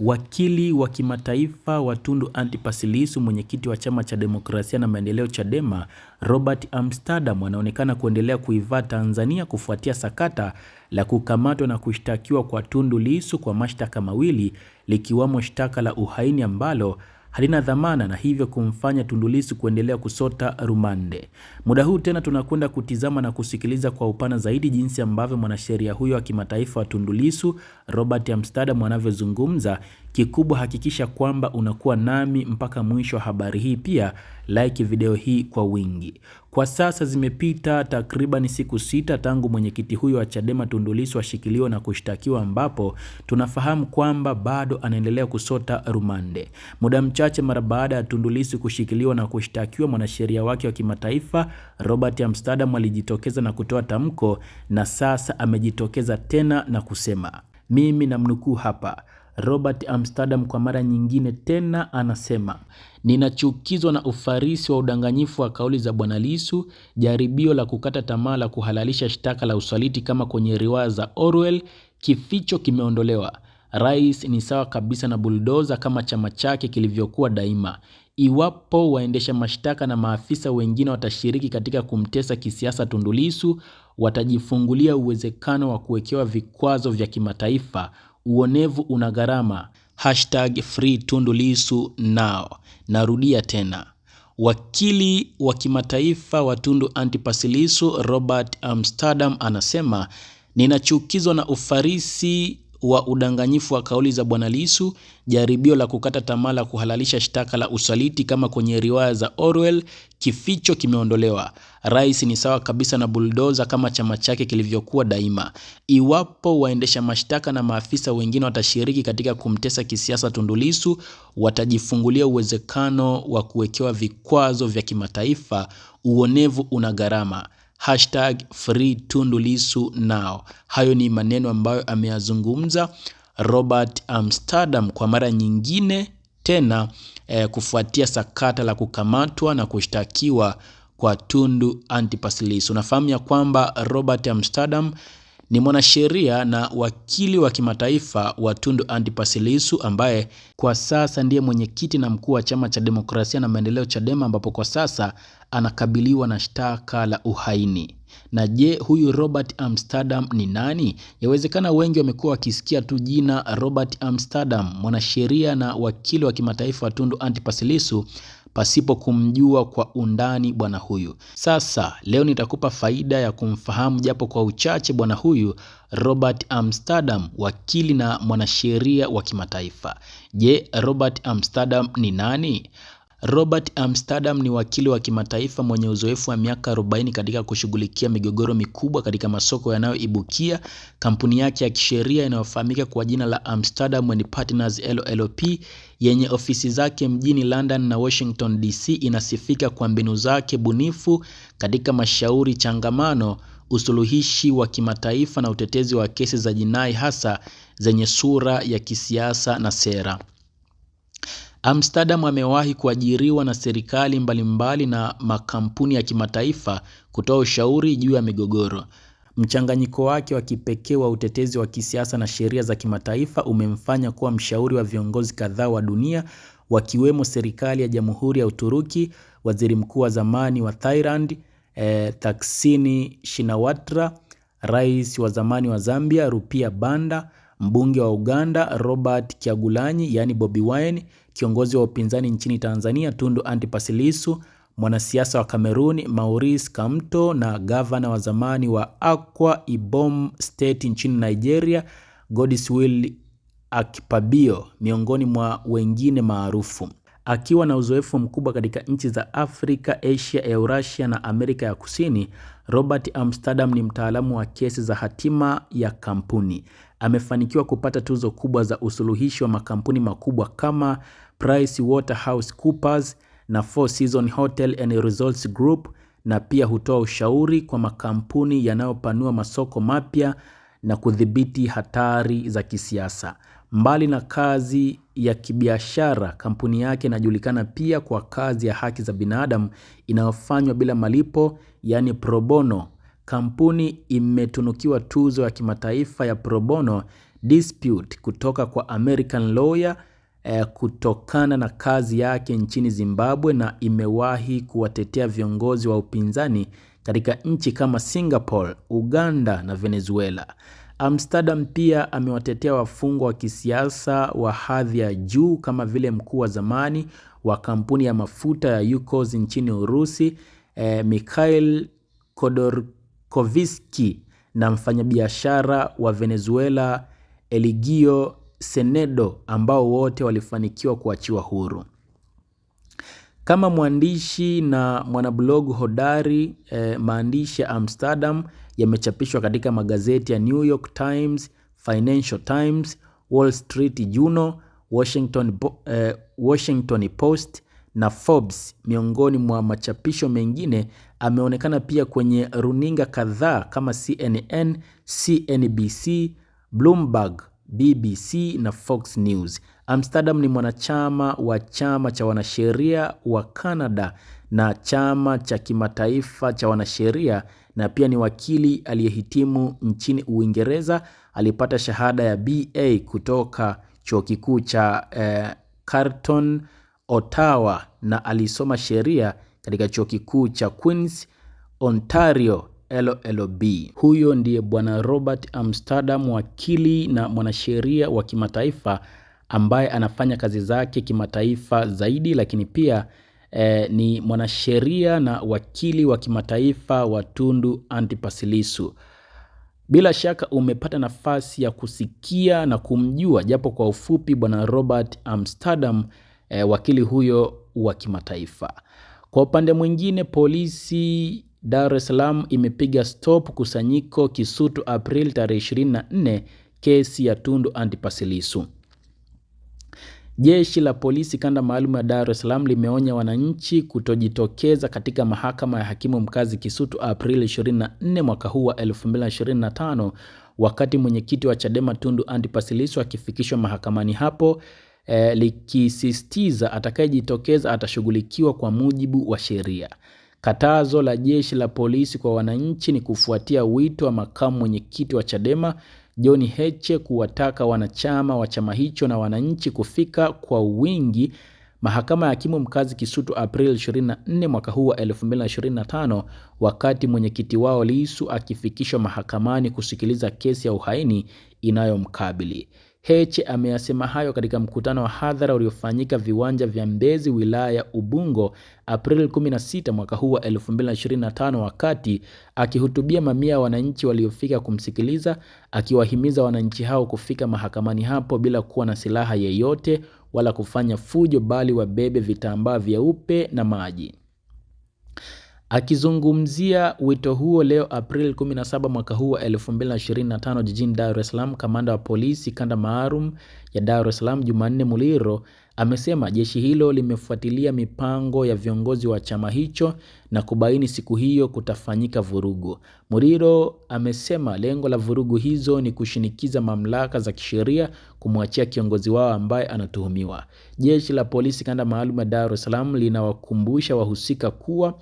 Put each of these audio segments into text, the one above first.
Wakili wa kimataifa wa Tundu Antipas Lissu, mwenyekiti wa chama cha demokrasia na maendeleo Chadema, Robert Amsterdam anaonekana kuendelea kuivaa Tanzania kufuatia sakata la kukamatwa na kushtakiwa kwa Tundu Lissu kwa mashtaka mawili likiwamo shtaka la uhaini ambalo halina dhamana na hivyo kumfanya Tundu Lissu kuendelea kusota rumande. Muda huu tena tunakwenda kutizama na kusikiliza kwa upana zaidi jinsi ambavyo mwanasheria huyo wa kimataifa wa Tundu Lissu Robert Amsterdam anavyozungumza Kikubwa hakikisha kwamba unakuwa nami mpaka mwisho wa habari hii. Pia like video hii kwa wingi. Kwa sasa zimepita takriban siku sita tangu mwenyekiti huyo wa Chadema Tundu Lissu ashikiliwa na kushtakiwa, ambapo tunafahamu kwamba bado anaendelea kusota rumande. Muda mchache mara baada ya Tundu Lissu kushikiliwa na kushtakiwa, mwanasheria wake wa kimataifa Robert Amsterdam alijitokeza na kutoa tamko, na sasa amejitokeza tena na kusema, mimi namnukuu hapa Robert Amsterdam kwa mara nyingine tena anasema ninachukizwa na ufarisi wa udanganyifu wa kauli za Bwana Lisu, jaribio la kukata tamaa la kuhalalisha shtaka la usaliti kama kwenye riwaya za Orwell. Kificho kimeondolewa. Rais ni sawa kabisa na buldoza kama chama chake kilivyokuwa daima. Iwapo waendesha mashtaka na maafisa wengine watashiriki katika kumtesa kisiasa Tundu watajifungulia uwezekano wa kuwekewa vikwazo vya kimataifa uonevu una gharama, hashtag free Tundu Lissu now. Narudia tena, wakili wa kimataifa wa Tundu Antipas Lissu Robert Amsterdam anasema ninachukizwa na ufarisi wa udanganyifu wa kauli za Bwana Lisu, jaribio la kukata tamaa la kuhalalisha shtaka la usaliti kama kwenye riwaya za Orwell, kificho kimeondolewa. Rais ni sawa kabisa na buldoza kama chama chake kilivyokuwa daima. Iwapo waendesha mashtaka na maafisa wengine watashiriki katika kumtesa kisiasa Tundu watajifungulia uwezekano wa kuwekewa vikwazo vya kimataifa. Uonevu una gharama hashtag free Tundu Lissu now. Hayo ni maneno ambayo ameyazungumza Robert Amsterdam kwa mara nyingine tena eh, kufuatia sakata la kukamatwa na kushtakiwa kwa Tundu Antipas Lissu. Unafahamu ya kwamba Robert Amsterdam ni mwanasheria na wakili wa kimataifa wa Tundu Antipas Lissu ambaye kwa sasa ndiye mwenyekiti na mkuu wa chama cha demokrasia na maendeleo Chadema, ambapo kwa sasa anakabiliwa na shtaka la uhaini. Na je, huyu Robert Amsterdam ni nani? Yawezekana wengi wamekuwa wakisikia tu jina Robert Amsterdam, mwanasheria na wakili wa kimataifa wa Tundu Antipas Lissu pasipo kumjua kwa undani bwana huyu. Sasa leo nitakupa faida ya kumfahamu japo kwa uchache bwana huyu Robert Amsterdam, wakili na mwanasheria wa kimataifa. Je, Robert Amsterdam ni nani? Robert Amsterdam ni wakili wa kimataifa mwenye uzoefu wa miaka 40 katika kushughulikia migogoro mikubwa katika masoko yanayoibukia. Kampuni yake ya kisheria inayofahamika kwa jina la Amsterdam and Partners LLP yenye ofisi zake mjini London na Washington DC inasifika kwa mbinu zake bunifu katika mashauri changamano, usuluhishi wa kimataifa na utetezi wa kesi za jinai hasa zenye sura ya kisiasa na sera. Amsterdam amewahi kuajiriwa na serikali mbalimbali na makampuni ya kimataifa kutoa ushauri juu ya migogoro. Mchanganyiko wake wa kipekee wa utetezi wa kisiasa na sheria za kimataifa umemfanya kuwa mshauri wa viongozi kadhaa wa dunia wakiwemo serikali ya Jamhuri ya Uturuki, Waziri Mkuu wa zamani wa Thailand, eh, Taksini Shinawatra, Rais wa zamani wa Zambia, Rupia Banda, mbunge wa Uganda, Robert Kyagulanyi, yani Bobi Wine kiongozi wa upinzani nchini Tanzania Tundu Antipas Lissu, mwanasiasa wa Kameruni Maurice Kamto na gavana wa zamani wa Akwa Ibom State nchini Nigeria Godswill Akpabio miongoni mwa wengine maarufu. Akiwa na uzoefu mkubwa katika nchi za Afrika, Asia, Eurasia na Amerika ya Kusini, Robert Amsterdam ni mtaalamu wa kesi za hatima ya kampuni. Amefanikiwa kupata tuzo kubwa za usuluhishi wa makampuni makubwa kama Coopers na Four Seasons Hotel and Resorts Group na pia hutoa ushauri kwa makampuni yanayopanua masoko mapya na kudhibiti hatari za kisiasa. Mbali na kazi ya kibiashara, kampuni yake inajulikana pia kwa kazi ya haki za binadamu inayofanywa bila malipo, yaani pro bono. Kampuni imetunukiwa tuzo ya kimataifa ya pro bono dispute kutoka kwa American Lawyer eh, kutokana na kazi yake nchini Zimbabwe na imewahi kuwatetea viongozi wa upinzani katika nchi kama Singapore, Uganda na Venezuela. Amsterdam pia amewatetea wafungwa wa kisiasa wa hadhi ya juu kama vile mkuu wa zamani wa kampuni ya mafuta ya Yukos nchini Urusi, eh, Mikhail Khodorkovsky na mfanyabiashara wa Venezuela Eligio Senedo ambao wote walifanikiwa kuachiwa huru. Kama mwandishi na mwanablogu hodari eh, maandishi ya Amsterdam yamechapishwa katika magazeti ya New York Times, Financial Times, Wall Street Journal, Washington, eh, Washington Post na Forbes miongoni mwa machapisho mengine. Ameonekana pia kwenye runinga kadhaa kama CNN, CNBC, Bloomberg, BBC na Fox News. Amsterdam ni mwanachama wa chama cha wanasheria wa Canada na chama cha kimataifa cha wanasheria na pia ni wakili aliyehitimu nchini Uingereza. Alipata shahada ya BA kutoka chuo kikuu cha eh, Carleton Ottawa na alisoma sheria katika chuo kikuu cha Queens Ontario LLB. Huyo ndiye Bwana Robert Amsterdam, wakili na mwanasheria wa kimataifa ambaye anafanya kazi zake kimataifa zaidi, lakini pia eh, ni mwanasheria na wakili wa kimataifa wa Tundu Antipas Lissu. Bila shaka umepata nafasi ya kusikia na kumjua japo kwa ufupi Bwana Robert Amsterdam, eh, wakili huyo wa kimataifa. Kwa upande mwingine, polisi Dar es Salaam imepiga stop kusanyiko Kisutu April tarehe 24, kesi ya Tundu Antipas Lissu. Jeshi la polisi kanda maalum ya Dar es Salaam limeonya wananchi kutojitokeza katika mahakama ya hakimu mkazi Kisutu april 24 mwaka huu wa 2025 wakati mwenyekiti wa Chadema Tundu Antipas Lissu akifikishwa mahakamani hapo eh, likisisitiza atakayejitokeza atashughulikiwa kwa mujibu wa sheria. Katazo la jeshi la polisi kwa wananchi ni kufuatia wito wa makamu mwenyekiti wa Chadema John Heche kuwataka wanachama wa chama hicho na wananchi kufika kwa wingi Mahakama ya Hakimu Mkazi Kisutu April 24 mwaka huu wa 2025 wakati mwenyekiti wao lisu akifikishwa mahakamani kusikiliza kesi ya uhaini inayomkabili. Heche ameyasema hayo katika mkutano wa hadhara uliofanyika viwanja vya Mbezi wilaya ya Ubungo Aprili 16 mwaka huu wa 2025, wakati akihutubia mamia ya wananchi waliofika kumsikiliza, akiwahimiza wananchi hao kufika mahakamani hapo bila kuwa na silaha yeyote wala kufanya fujo, bali wabebe vitambaa vyeupe na maji. Akizungumzia wito huo leo April 17 mwaka huu wa 2025 jijini Dar es Salaam, kamanda wa polisi kanda maalum ya Dar es Salaam Jumanne Muliro amesema jeshi hilo limefuatilia mipango ya viongozi wa chama hicho na kubaini siku hiyo kutafanyika vurugu. Muliro amesema lengo la vurugu hizo ni kushinikiza mamlaka za kisheria kumwachia kiongozi wao ambaye anatuhumiwa. Jeshi la polisi kanda maalum ya Dar es Salaam linawakumbusha wahusika kuwa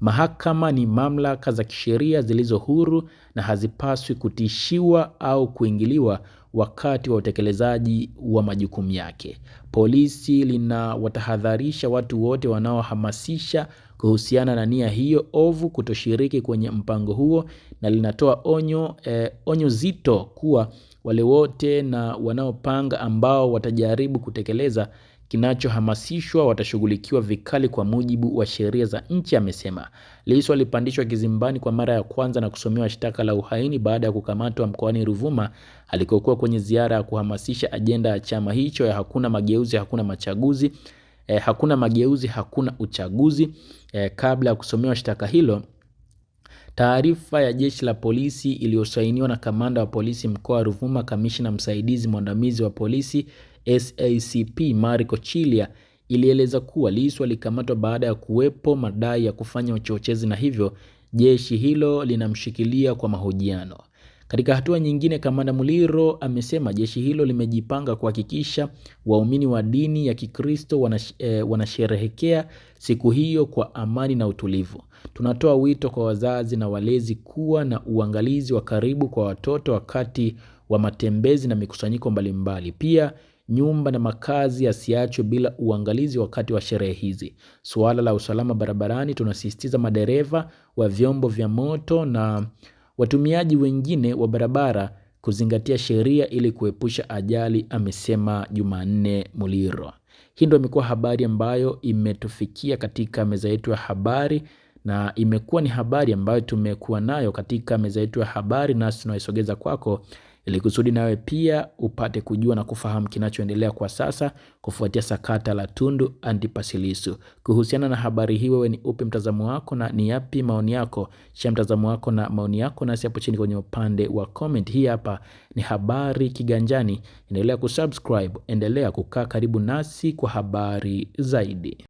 Mahakama ni mamlaka za kisheria zilizo huru na hazipaswi kutishiwa au kuingiliwa wakati wa utekelezaji wa majukumu yake. Polisi linawatahadharisha watu wote wanaohamasisha kuhusiana na nia hiyo ovu kutoshiriki kwenye mpango huo na linatoa onyo, eh, onyo zito kuwa wale wote na wanaopanga ambao watajaribu kutekeleza kinachohamasishwa watashughulikiwa vikali kwa mujibu wa sheria za nchi, amesema. Lissu alipandishwa kizimbani kwa mara ya kwanza na kusomewa shtaka la uhaini baada ya kukamatwa mkoani Ruvuma alikokuwa kwenye ziara ya kuhamasisha ajenda ya chama hicho ya hakuna mageuzi, hakuna machaguzi, eh, hakuna mageuzi, hakuna uchaguzi. Eh, kabla ya kusomewa shtaka hilo Taarifa ya jeshi la polisi iliyosainiwa na kamanda wa polisi mkoa wa Ruvuma, kamishna msaidizi mwandamizi wa polisi SACP Marco Chilia ilieleza kuwa Lissu alikamatwa baada ya kuwepo madai ya kufanya uchochezi na hivyo jeshi hilo linamshikilia kwa mahojiano. Katika hatua nyingine, Kamanda Muliro amesema jeshi hilo limejipanga kuhakikisha waumini wa dini ya Kikristo eh, wanasherehekea siku hiyo kwa amani na utulivu. Tunatoa wito kwa wazazi na walezi kuwa na uangalizi wa karibu kwa watoto wakati wa matembezi na mikusanyiko mbalimbali. Pia nyumba na makazi yasiachwe bila uangalizi wakati wa sherehe hizi. Suala la usalama barabarani, tunasisitiza madereva wa vyombo vya moto na watumiaji wengine wa barabara kuzingatia sheria ili kuepusha ajali, amesema Jumanne Muliro. Hii ndio imekuwa habari ambayo imetufikia katika meza yetu ya habari na imekuwa ni habari ambayo tumekuwa nayo katika meza yetu ya habari, nasi tunaisogeza kwako ili kusudi nawe pia upate kujua na kufahamu kinachoendelea kwa sasa kufuatia sakata la Tundu Antipas Lissu. Kuhusiana na habari hii, wewe ni upi mtazamo wako na ni yapi maoni yako? cha mtazamo wako na maoni yako nasi hapo chini kwenye upande wa comment. Hii hapa ni Habari Kiganjani. Endelea kusubscribe, endelea kukaa karibu nasi kwa habari zaidi.